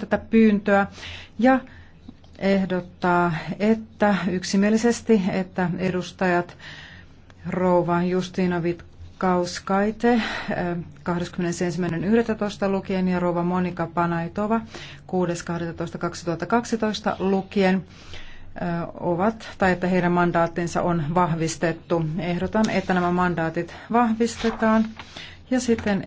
tätä pyyntöä ja ehdottaa, että yksimielisesti, että edustajat Rouva Justina Vitkauskaite 21.11. lukien ja Rouva Monika Panaitova 6.12.2012 lukien eh, ovat, tai että heidän mandaattinsa on vahvistettu. Ehdotan, että nämä mandaatit vahvistetaan ja sitten